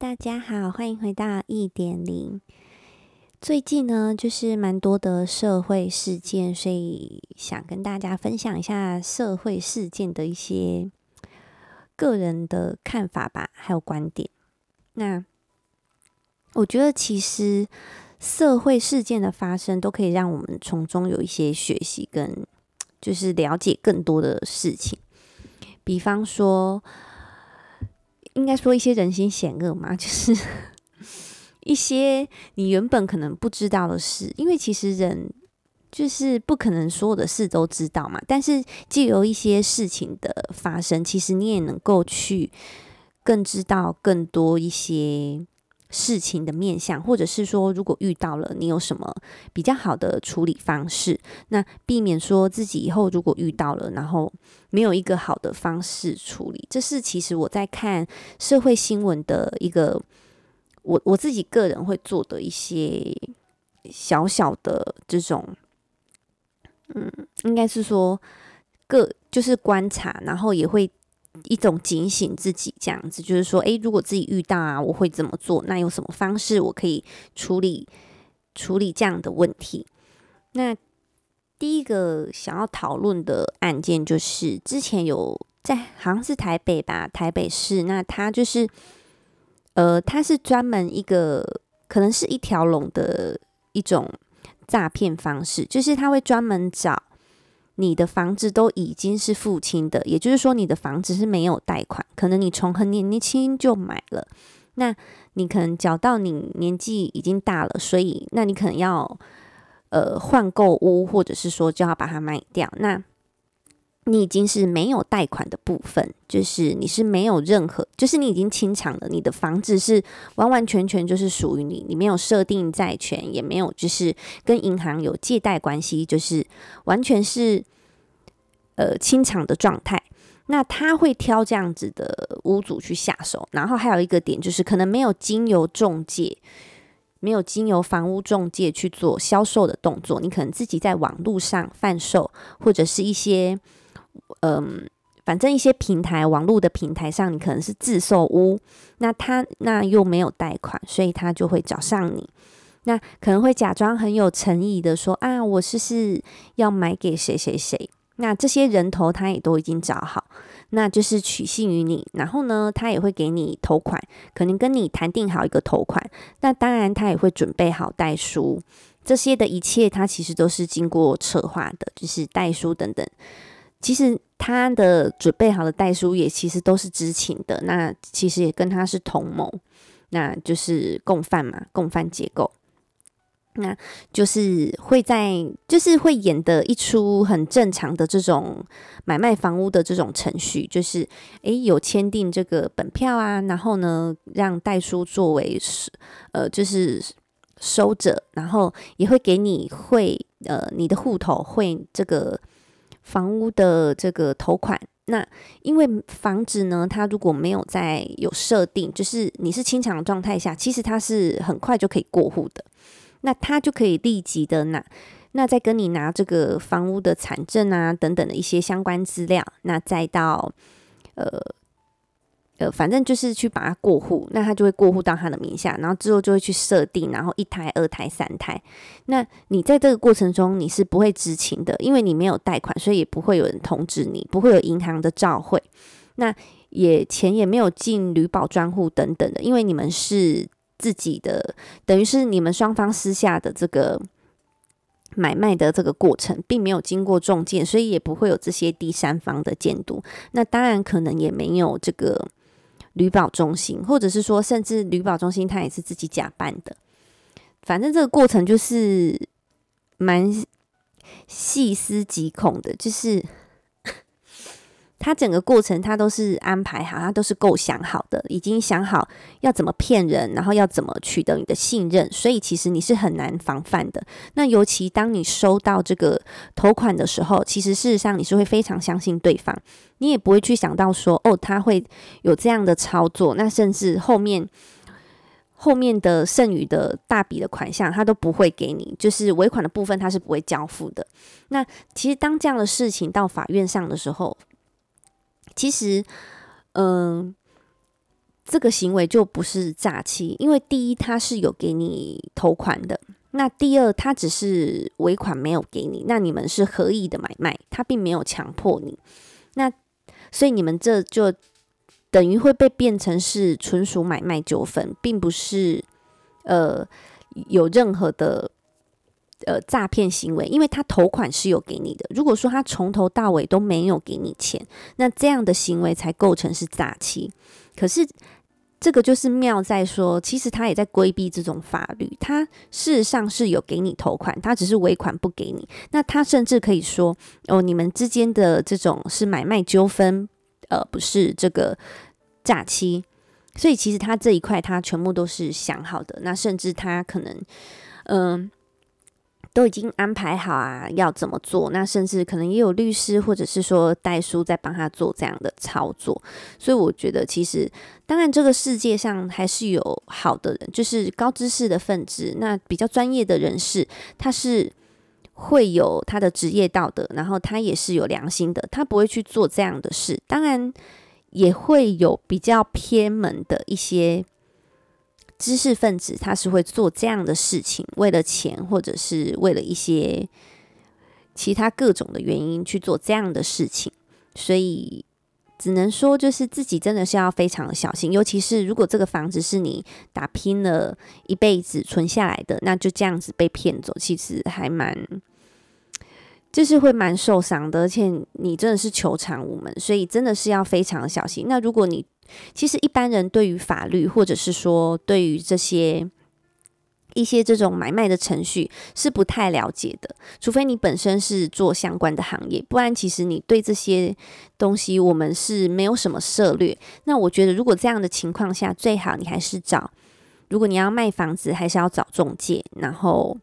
大家好，歡迎回到一點零。最近呢，就是蠻多的社會事件，所以想跟大家分享一下社會事件的一些個人的看法吧，還有觀點。那我覺得，其實社會事件的發生都可以讓我們從中有一些學習，跟就是了解更多的事情。比方說。應該說一些人心險惡嘛，就是一些你原本可能不知道的事，因為其實人就是不可能所有的事都知道嘛。但是借由一些事情的發生，其實你也能夠去更知道更多一些。事情的面向，或者是說，如果遇到了，你有什麼比較好的處理方式？那避免說自己以後如果遇到了，然後沒有一個好的方式處理，這是其實我在看社會新聞的一個，我我自己個人會做的一些小小的這種，嗯，應該是說個就是觀察，然後也會。一種警醒自己這樣子，就是說，誒、欸，如果自己遇到啊，我會怎麼做？那用什麼方式我可以處理處理這樣的問題？那第一個想要討論的案件，就是之前有在好像是台北吧，台北市，那他就是，呃，他是專門一個，可能是一條龍的一種詐騙方式，就是他會專門找。你的房子都已經是付清的，也就是說你的房子是沒有貸款，可能你從很年年輕就買了，那你可能繳到你年紀已經大了，所以那你可能要呃換購屋，或者是說就要把它賣掉。那你已經是沒有貸款的部分，就是你是沒有任何，就是你已經清償了，你的房子是完完全全就是屬於你，你沒有設定債權，也沒有就是跟銀行有借貸關係，就是完全是呃清償的狀態。那他會挑這樣子的屋主去下手。然後還有一個點就是，可能沒有經由中介，沒有經由房屋中介去做銷售的動作，你可能自己在網絡上販售，或者是一些。嗯，反正一些平台，網絡的平台上，你可能是自售屋，那他那又沒有貸款，所以他就會找上你。那可能會假裝很有誠意的說啊，我是是要買給誰誰誰，那這些人頭他也都已經找好，那就是取信於你。然後呢，他也會給你頭款，可能跟你談定好一個頭款，那當然他也會準備好代書，這些的一切他其實都是經過策劃的，就是代書等等。其實他的準備好的代書，也其實都是知情的。那其實也跟他是同謀，那就是共犯嘛，共犯結構。那就是會在，就是會演的一出很正常的這種買賣房屋的這種程序，就是誒有簽訂這個本票啊，然後呢讓代書作為是呃就是收着然後也會給你匯呃你的戶頭匯這個。房屋的這個頭款，那因為房子呢，它如果沒有在有設定，就是你是清償狀態下，其實它是很快就可以過戶的，那它就可以立即的拿，那再跟你拿這個房屋的產證啊等等的一些相關資料，那再到呃。呃，反正就是去把它過戶，那他就會過戶到他的名下，然後之後就會去設定，然後一胎、二胎、三胎。那你在這個過程中你是不會知情的，因為你沒有貸款，所以也不會有人通知你，不會有銀行的照會。那也錢也沒有進履保專戶等等的，因為你們是自己的，等於是你們雙方私下的這個買賣的這個過程，並沒有經過中介，所以也不會有這些第三方的監督。那當然可能也沒有這個。旅保中心，或者是說，甚至旅保中心，他也是自己假扮的。反正這個過程就是蠻細思極恐的，就是。他整個過程他都是安排好，他都是構想好的，已經想好要怎麼騙人，然後要怎麼取得你的信任，所以其實你是很難防範的。那尤其當你收到這個頭款的時候，其實事實上你是會非常相信對方，你也不會去想到說哦，他會有這樣的操作。那甚至後面後面的剩餘的大筆的款項，他都不會給你，就是尾款的部分，他是不會交付的。那其實當這樣的事情到法院上的時候，其實，嗯，這個行為就不是詐欺，因為第一他是有給你頭款的，那第二他只是尾款沒有給你，那你們是合意的買賣，他並沒有強迫你，那所以你們這就等於會被變成是純屬買賣糾紛，並不是呃有任何的。呃，詐騙行為，因為他頭款是有給你的。如果說他從頭到尾都沒有給你錢，那這樣的行為才構成是詐欺。可是，這個就是妙在說，其實他也在規避這種法律。他事實上是有給你頭款，他只是尾款不給你。那他甚至可以說，哦，你們之間的這種是買賣糾紛，而、呃、不是這個詐欺。所以其實他這一塊他全部都是想好的。那甚至他可能，嗯、呃。都已經安排好啊，要怎麼做？那甚至可能也有律師或者是說代書在幫他做這樣的操作。所以我覺得，其實當然這個世界上還是有好的人，就是高知識的分子，那比較專業的人士，他是會有他的職業道德，然後他也是有良心的，他不會去做這樣的事。當然也會有比較偏門的一些。知識分子他是會做這樣的事情，為了錢或者是為了一些其他各種的原因去做這樣的事情，所以只能說就是自己真的是要非常的小心，尤其是如果這個房子是你打拼了一輩子存下來的，那就這樣子被騙走，其實還蠻就是會蠻受傷的，而且你真的是求償無門，所以真的是要非常的小心。那如果你。其實一般人對於法律，或者是說對於這些一些這種買賣的程序是不太了解的，除非你本身是做相關的行業，不然其實你對這些東西我們是沒有什麼涉獵。那我覺得如果這樣的情況下，最好你還是找，如果你要賣房子，還是要找仲介，然後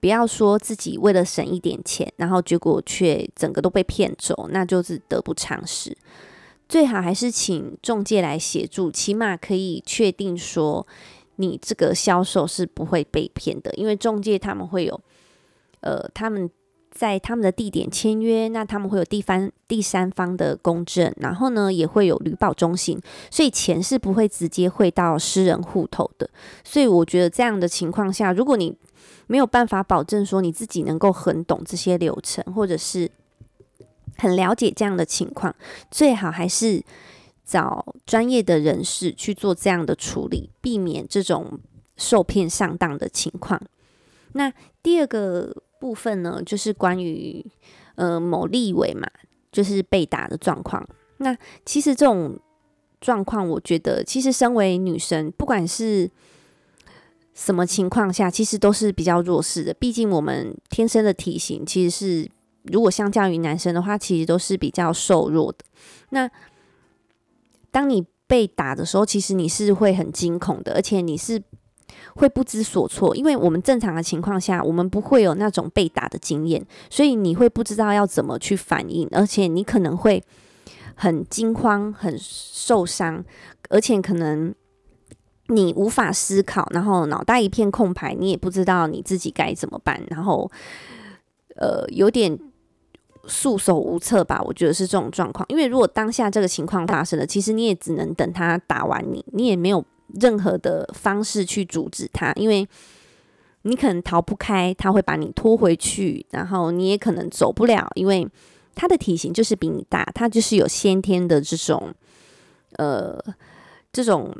不要說自己為了省一點錢，然後結果卻整個都被騙走，那就是得不償失。最好還是請仲介來協助，起碼可以確定說你這個銷售是不會被騙的，因為仲介他們會有，呃，他們在他們的地點簽約，那他們會有地方第三方的公證，然後呢也會有旅保中心，所以錢是不會直接匯到私人戶頭的。所以我覺得這樣的情況下，如果你沒有辦法保證說你自己能夠很懂這些流程，或者是。很了解這樣的情況，最好還是找專業的人士去做這樣的處理，避免這種受騙上當的情況。那第二個部分呢，就是關於呃某立委嘛，就是被打的狀況。那其實這種狀況，我覺得其實身為女生，不管是什麼情況下，其實都是比較弱勢的，畢竟我們天生的體型其實是。如果相較於男生的話，其實都是比較瘦弱的。那當你被打的時候，其實你是會很驚恐的，而且你是會不知所措，因為我們正常的情況下，我們不會有那種被打的經驗，所以你會不知道要怎麼去反應，而且你可能會很驚慌、很受傷，而且可能你無法思考，然後腦袋一片空白，你也不知道你自己該怎麼辦，然後呃，有點。束手無策吧，我覺得是這種狀況。因為如果當下這個情況發生了，其實你也只能等他打完你，你也沒有任何的方式去阻止他，因為你可能逃不開，他會把你拖回去，然後你也可能走不了，因為他的體型就是比你大，他就是有先天的這種，呃，這種。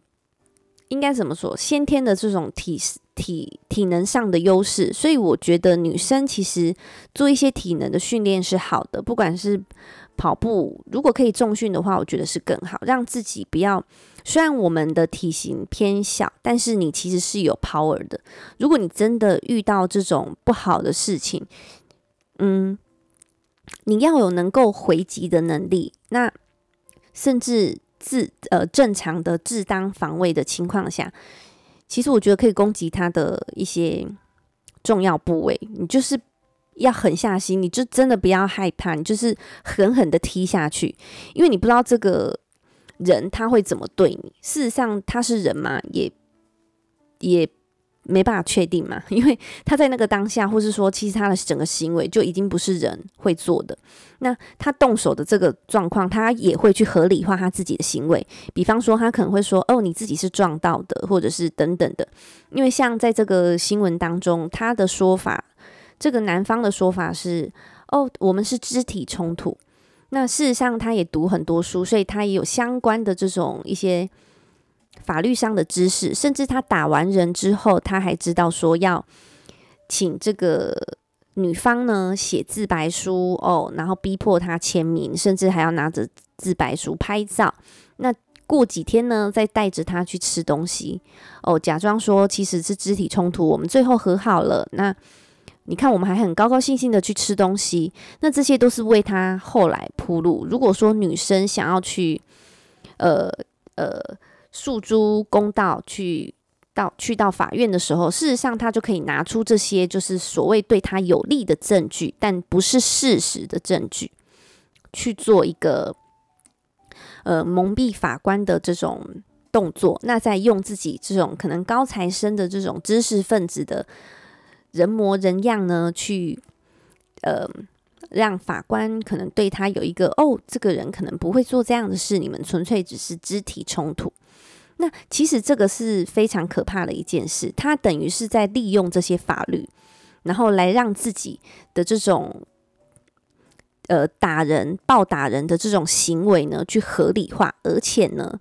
應該怎麼說？先天的這種體體體能上的優勢，所以我覺得女生其實做一些體能的訓練是好的，不管是跑步，如果可以重訓的話，我覺得是更好，讓自己不要。雖然我們的體型偏小，但是你其實是有 power 的。如果你真的遇到這種不好的事情，嗯，你要有能夠回擊的能力，那甚至。自呃，正常的正當防衛的情況下，其實我覺得可以攻擊他的一些重要部位。你就是要狠下心，你就真的不要害怕，你就是狠狠的踢下去，因為你不知道這個人他會怎麼對你。事實上，他是人嘛，也也。沒辦法確定嘛，因為他在那個當下，或是說，其實他的整個行為就已經不是人會做的。那他動手的這個狀況，他也會去合理化他自己的行為。比方說，他可能會說：“哦，你自己是撞到的，或者是等等的。”因為像在這個新聞當中，他的說法，這個男方的說法是：“哦，我們是肢體衝突。”那事實上，他也讀很多書，所以他也有相關的這種一些。法律上的知識，甚至他打完人之後，他還知道說要請這個女方呢寫自白書哦，然後逼迫他簽名，甚至還要拿着自白書拍照。那過幾天呢，再帶着他去吃東西哦，假裝說其實是肢體衝突，我們最後和好了。那你看，我們還很高高興興的去吃東西。那這些都是為他後來鋪路。如果說女生想要去，呃呃。訴諸公道，去到去到法院的時候，事實上他就可以拿出這些就是所謂對他有利的證據，但不是事實的證據，去做一個呃蒙蔽法官的這種動作。那再用自己這種可能高材生的這種知識分子的人模人樣呢，去呃讓法官可能對他有一個哦，這個人可能不會做這樣的事，你們純粹只是肢體衝突。那其實這個是非常可怕的一件事，他等於是在利用這些法律，然後來讓自己的這種呃打人、暴打人的這種行為呢，去合理化，而且呢，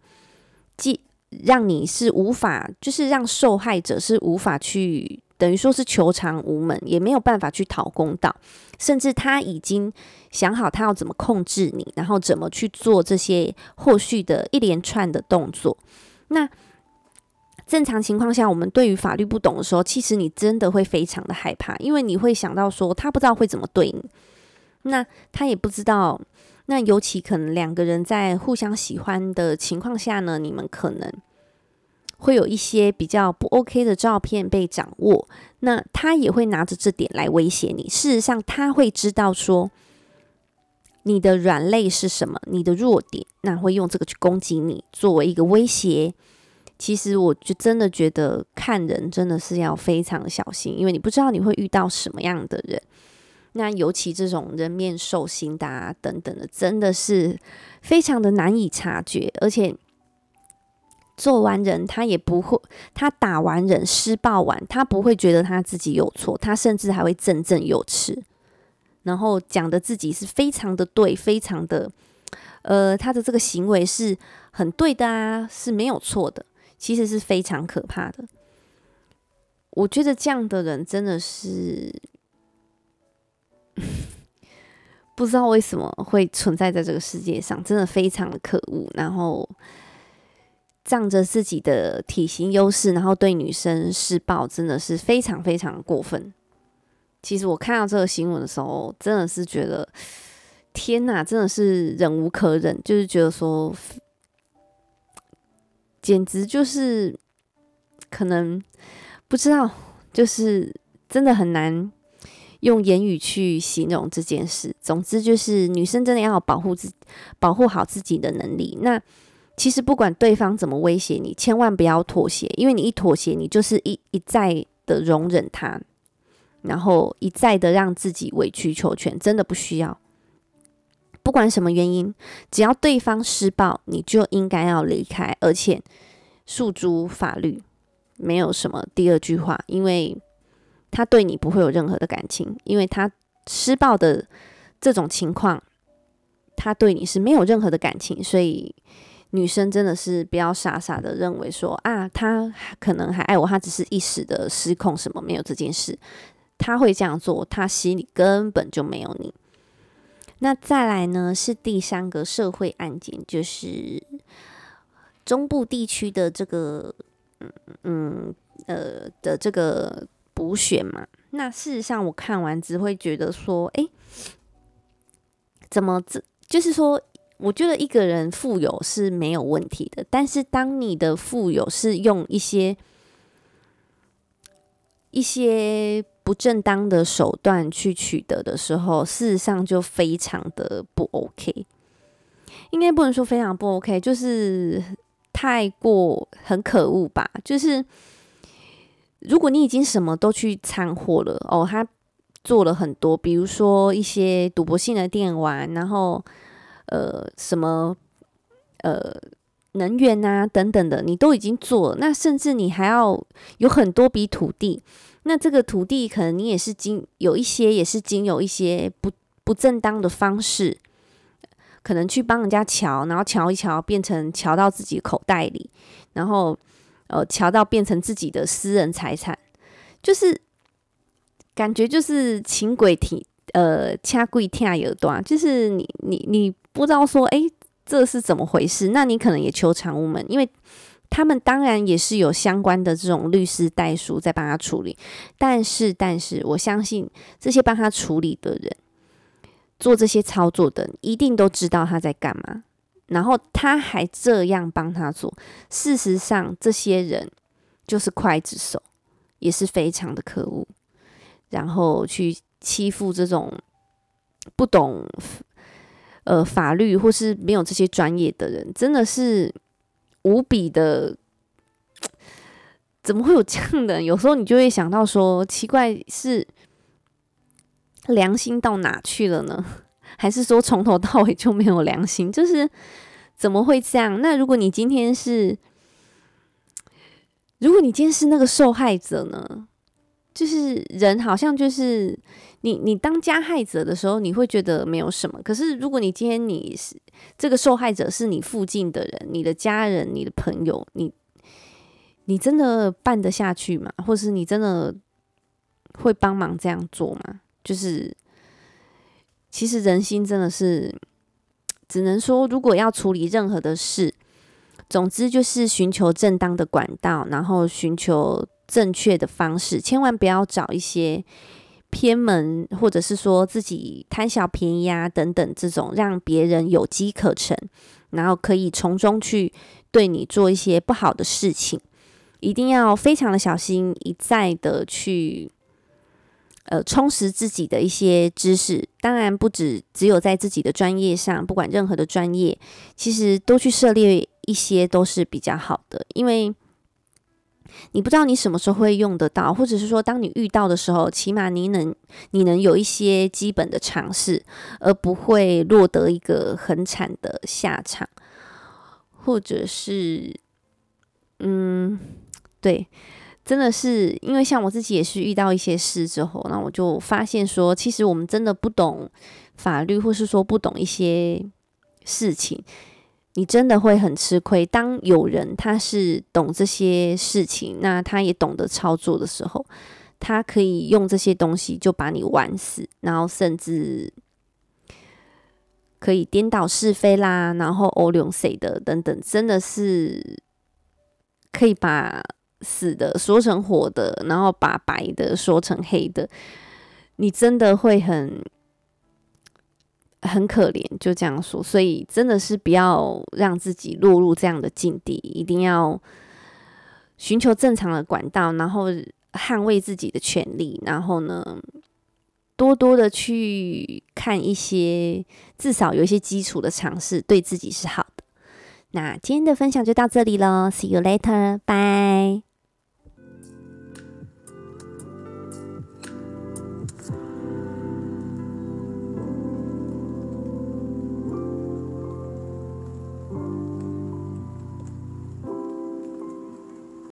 既讓你是無法，就是讓受害者是無法去，等於說是求償無門，也沒有辦法去討公道，甚至他已經想好他要怎麼控制你，然後怎麼去做這些後續的一連串的動作。那正常情況下，我們對於法律不懂的時候，其實你真的會非常的害怕，因為你會想到說他不知道會怎麼對你，那他也不知道。那尤其可能兩個人在互相喜歡的情況下呢，你們可能會有一些比較不 OK 的照片被掌握，那他也會拿着這點來威脅你。事實上，他會知道說。你的軟肋是什麼？你的弱點，那會用這個去攻擊你，作為一個威脅。其實，我就真的覺得看人真的是要非常小心，因為你不知道你會遇到什麼樣的人。那尤其這種人面獸心的、啊、等等的，真的是非常的難以察覺。而且，揍完人他也不會，他打完人施暴完，他不會覺得他自己有錯，他甚至還會振振有詞。然後講的自己是非常的對，非常的，呃，他的這個行為是很對的啊，是沒有錯的。其實是非常可怕的。我覺得這樣的人真的是 不知道為什麼會存在在這個世界上，真的非常的可惡。然後仗着自己的體型優勢，然後對女生施暴，真的是非常非常的過分。其實我看到這個新聞的時候，真的是覺得天哪，真的是忍無可忍，就是覺得說，簡直就是可能不知道，就是真的很難用言語去形容這件事。總之就是，女生真的要保護自保護好自己的能力。那其實不管對方怎麼威脅你，千萬不要妥協，因為你一妥協，你就是一一再的容忍他。然後一再的讓自己委曲求全，真的不需要。不管什麼原因，只要對方施暴，你就應該要離開，而且訴諸法律，沒有什麼第二句話，因為他對你不會有任何的感情，因為他施暴的這種情況，他對你是沒有任何的感情，所以女生真的是不要傻傻的認為說啊，他可能還愛我，他只是一時的失控，什麼沒有這件事。他會這樣做，他心裡根本就沒有你。那再來呢？是第三個社會案件，就是中部地區的這個，嗯嗯呃的這個補選嘛。那事實上，我看完只會覺得說，哎，怎麼這？就是說，我覺得一個人富有是沒有問題的，但是當你的富有是用一些一些。不正當的手段去取得的時候，事實上就非常的不 OK，應該不能說非常不 OK，就是太過很可惡吧。就是如果你已經什麼都去摻和了哦，他做了很多，比如說一些賭博性的電玩，然後呃什麼呃能源啊等等的，你都已經做了，那甚至你還要有很多筆土地。那這個土地可能你也是經有一些也是經有一些不不正當的方式，可能去幫人家喬，然後喬一喬變成喬到自己口袋裡，然後呃喬到變成自己的私人財產，就是感覺就是請鬼提呃請鬼提藥單，就是你你你不知道說哎這是怎麼回事，那你可能也求償無門，因為。他們當然也是有相關的這種律師代書在幫他處理，但是，但是我相信這些幫他處理的人，做這些操作的人一定都知道他在幹嘛，然後他還這樣幫他做。事實上，這些人就是劊子手，也是非常的可惡。然後去欺負這種不懂呃法律或是沒有這些專業的人，真的是。無比的，怎麼會有這樣的？有時候你就會想到說，奇怪，是良心到哪去了呢？還是說從頭到尾就沒有良心？就是怎麼會這樣？那如果你今天是，如果你今天是那個受害者呢？就是人好像就是你，你當加害者的時候，你會覺得沒有什麼。可是如果你今天你是這個受害者，是你附近的人，你的家人、你的朋友，你你真的辦得下去嗎？或是你真的會幫忙這樣做嗎？就是其實人心真的是只能說，如果要處理任何的事，總之就是尋求正當的管道，然後尋求。正確的方式，千萬不要找一些偏門，或者是說自己貪小便宜啊等等，這種讓別人有機可乘，然後可以從中去對你做一些不好的事情，一定要非常的小心，一再的去呃充實自己的一些知識。當然，不止只，只有在自己的專業上，不管任何的專業，其實多去涉獵一些都是比較好的，因為，你不知道你什麼時候會用得到，或者是說，當你遇到的時候，起碼你能你能有一些基本的常識，而不會落得一個很慘的下場，或者是，嗯，對，真的是因為像我自己也是遇到一些事之後，那我就發現說，其實我們真的不懂法律，或是說不懂一些事情。你真的會很吃虧。當有人他是懂這些事情，那他也懂得操作的時候，他可以用這些東西就把你玩死，然後甚至可以顛倒是非啦，然後歐龍誰的等等，真的是可以把死的說成活的，然後把白的說成黑的，你真的會很。很可憐，就這樣說，所以真的是不要讓自己落入這樣的境地，一定要尋求正常的管道，然後捍衛自己的權利，然後呢，多多的去看一些，至少有一些基礎的嘗試，對自己是好的。那今天的分享就到這裡囉，See you later，bye